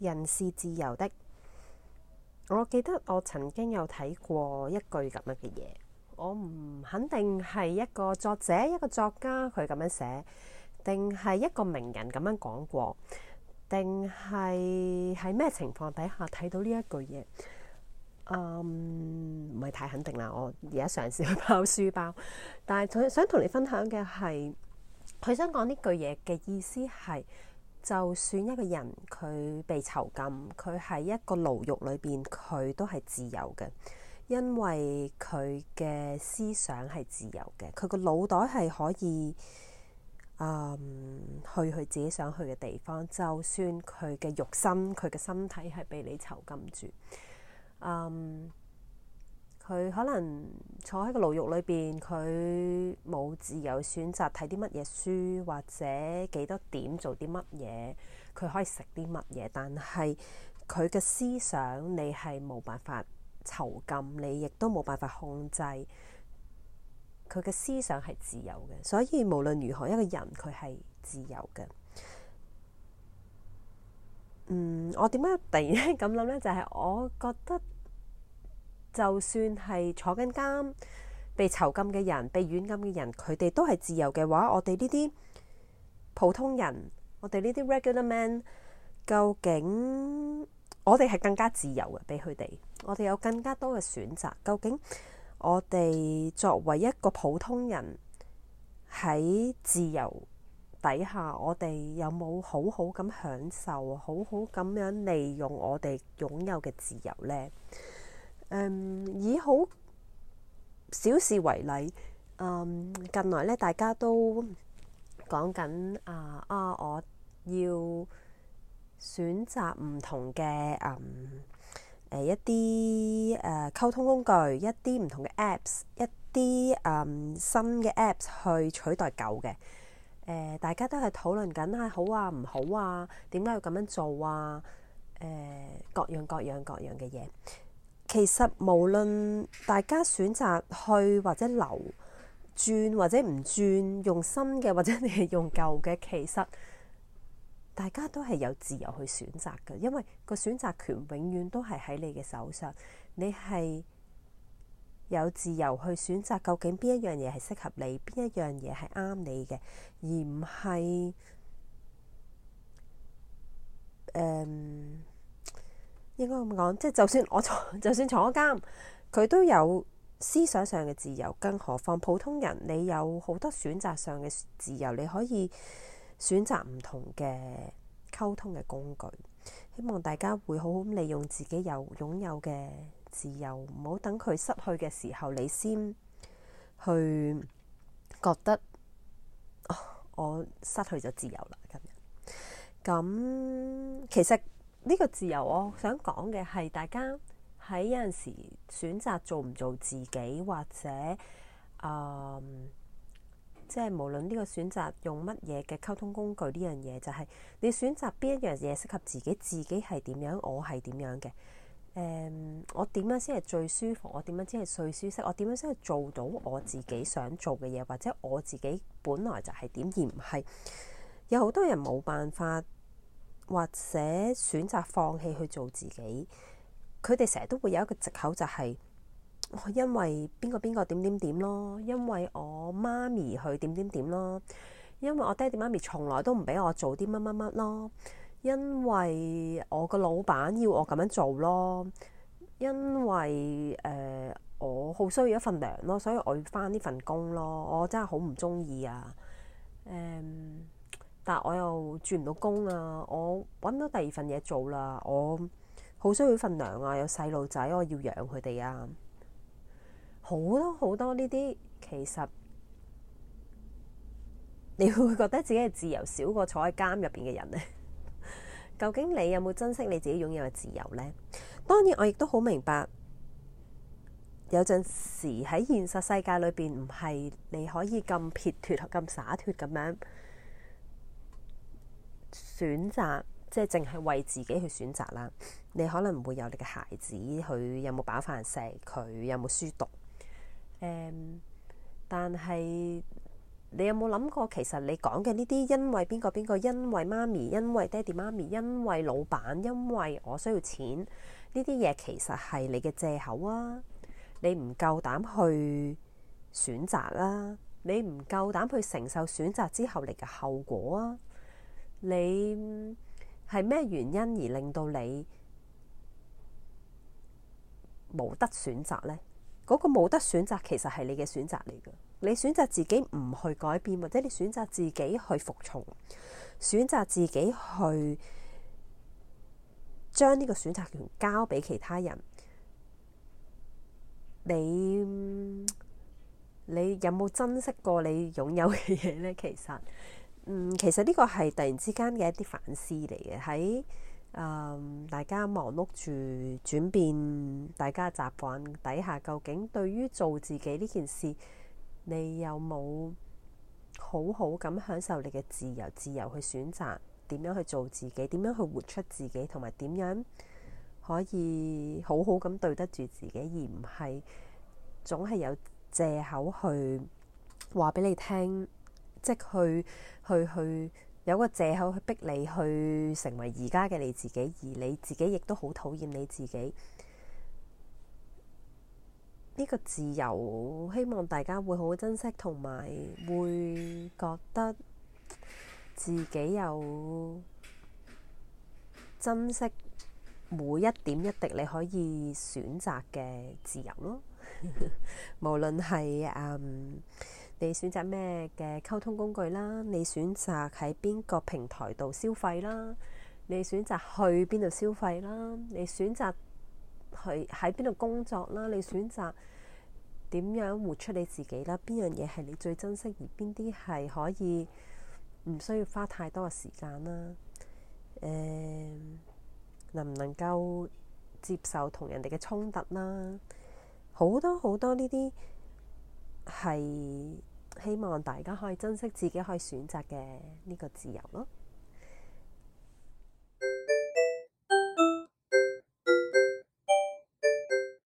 人是自由的。我記得我曾經有睇過一句咁樣嘅嘢，我唔肯定係一個作者、一個作家佢咁樣寫，定係一個名人咁樣講過，定係喺咩情況底下睇到呢一句嘢？嗯，唔係太肯定啦。我而家嘗試去包書包，但係佢想同你分享嘅係，佢想講呢句嘢嘅意思係。就算一個人佢被囚禁，佢喺一個牢獄裏邊，佢都係自由嘅，因為佢嘅思想係自由嘅，佢個腦袋係可以，嗯、去去自己想去嘅地方，就算佢嘅肉身、佢嘅身體係被你囚禁住，佢、嗯、可能。坐喺個牢獄裏邊，佢冇自由選擇睇啲乜嘢書，或者幾多點做啲乜嘢，佢可以食啲乜嘢。但係佢嘅思想，你係冇辦法囚禁，你亦都冇辦法控制佢嘅思想係自由嘅。所以無論如何，一個人佢係自由嘅。嗯，我點解突然間咁諗呢？就係我覺得。就算係坐緊監、被囚禁嘅人、被軟禁嘅人，佢哋都係自由嘅話，我哋呢啲普通人，我哋呢啲 regular man，究竟我哋係更加自由嘅，俾佢哋，我哋有更加多嘅選擇。究竟我哋作為一個普通人喺自由底下，我哋有冇好好咁享受，好好咁樣利用我哋擁有嘅自由呢？誒、嗯、以好小事為例，誒、嗯、近來咧，大家都講緊啊啊！我要選擇唔同嘅誒誒一啲誒、呃、溝通工具，一啲唔同嘅 Apps，一啲誒、嗯、新嘅 Apps 去取代舊嘅誒、呃。大家都係討論緊啊，好啊，唔好啊，點解要咁樣做啊？誒、呃、各樣各樣各樣嘅嘢。其實無論大家選擇去或者留，轉或者唔轉，用新嘅或者你係用舊嘅，其實大家都係有自由去選擇嘅，因為個選擇權永遠都係喺你嘅手上，你係有自由去選擇究竟邊一樣嘢係適合你，邊一樣嘢係啱你嘅，而唔係，嗯。應該咁講，即係就算我坐， 就算坐監，佢都有思想上嘅自由。更何況普通人，你有好多選擇上嘅自由，你可以選擇唔同嘅溝通嘅工具。希望大家會好好利用自己有擁有嘅自由，唔好等佢失去嘅時候，你先去覺得、哦、我失去咗自由啦。今日咁，其實。呢個自由，我想講嘅係大家喺有陣時選擇做唔做自己，或者誒，即係無論呢個選擇用乜嘢嘅溝通工具，呢樣嘢就係你選擇邊一樣嘢適合自己，自己係點樣，我係點樣嘅。誒，我點樣先係最舒服？我點樣先係最舒適？我點樣先係做到我自己想做嘅嘢，或者我自己本來就係點，而唔係有好多人冇辦法。或者選擇放棄去做自己，佢哋成日都會有一個藉口就係、是，因為邊個邊個點點點咯，因為我媽咪去點點點咯，因為我爹哋媽咪從來都唔俾我做啲乜乜乜咯，因為我個老闆要我咁樣做咯，因為誒、呃、我好需要一份糧咯，所以我要返呢份工咯，我真係好唔中意啊，誒、嗯。但我又轉唔到工啊！我揾到第二份嘢做啦，我好需要份糧啊！有細路仔，我要養佢哋啊！好多好多呢啲，其實你會覺得自己嘅自由少過坐喺監入邊嘅人咧。 究竟你有冇珍惜你自己擁有嘅自由呢？當然，我亦都好明白有陣時喺現實世界裏邊唔係你可以咁撇脱、咁灑脱咁樣。選擇即係淨係為自己去選擇啦。你可能會有你嘅孩子，佢有冇飽飯食，佢有冇書讀。誒、嗯，但係你有冇諗過？其實你講嘅呢啲，因為邊個邊個，因為媽咪，因為爹哋媽咪，因為老闆，因為我需要錢呢啲嘢，其實係你嘅借口啊。你唔夠膽去選擇啦，啊，你唔夠膽去承受選擇之後嚟嘅後果啊。你係咩原因而令到你冇得選擇呢？嗰個冇得選擇其實係你嘅選擇嚟㗎。你選擇自己唔去改變，或者你選擇自己去服從，選擇自己去將呢個選擇權交俾其他人。你你有冇珍惜過你擁有嘅嘢呢？其實。嗯，其實呢個係突然之間嘅一啲反思嚟嘅，喺、嗯、大家忙碌住轉變大家習慣底下，究竟對於做自己呢件事，你有冇好好咁享受你嘅自由？自由去選擇點樣去做自己，點樣去活出自己，同埋點樣可以好好咁對得住自己，而唔係總係有借口去話俾你聽。即去去去，去有個借口去逼你去成為而家嘅你自己，而你自己亦都好討厭你自己。呢個自由希望大家會好好珍惜，同埋會覺得自己有珍惜每一點一滴你可以選擇嘅自由咯。 無論係。Um, 你選擇咩嘅溝通工具啦？你選擇喺邊個平台度消費啦？你選擇去邊度消費啦？你選擇去喺邊度工作啦？你選擇點樣活出你自己啦？邊樣嘢係你最珍惜，而邊啲係可以唔需要花太多嘅時間啦？誒、嗯，能唔能夠接受同人哋嘅衝突啦？好多好多呢啲係。希望大家可以珍惜自己可以選擇嘅呢個自由咯。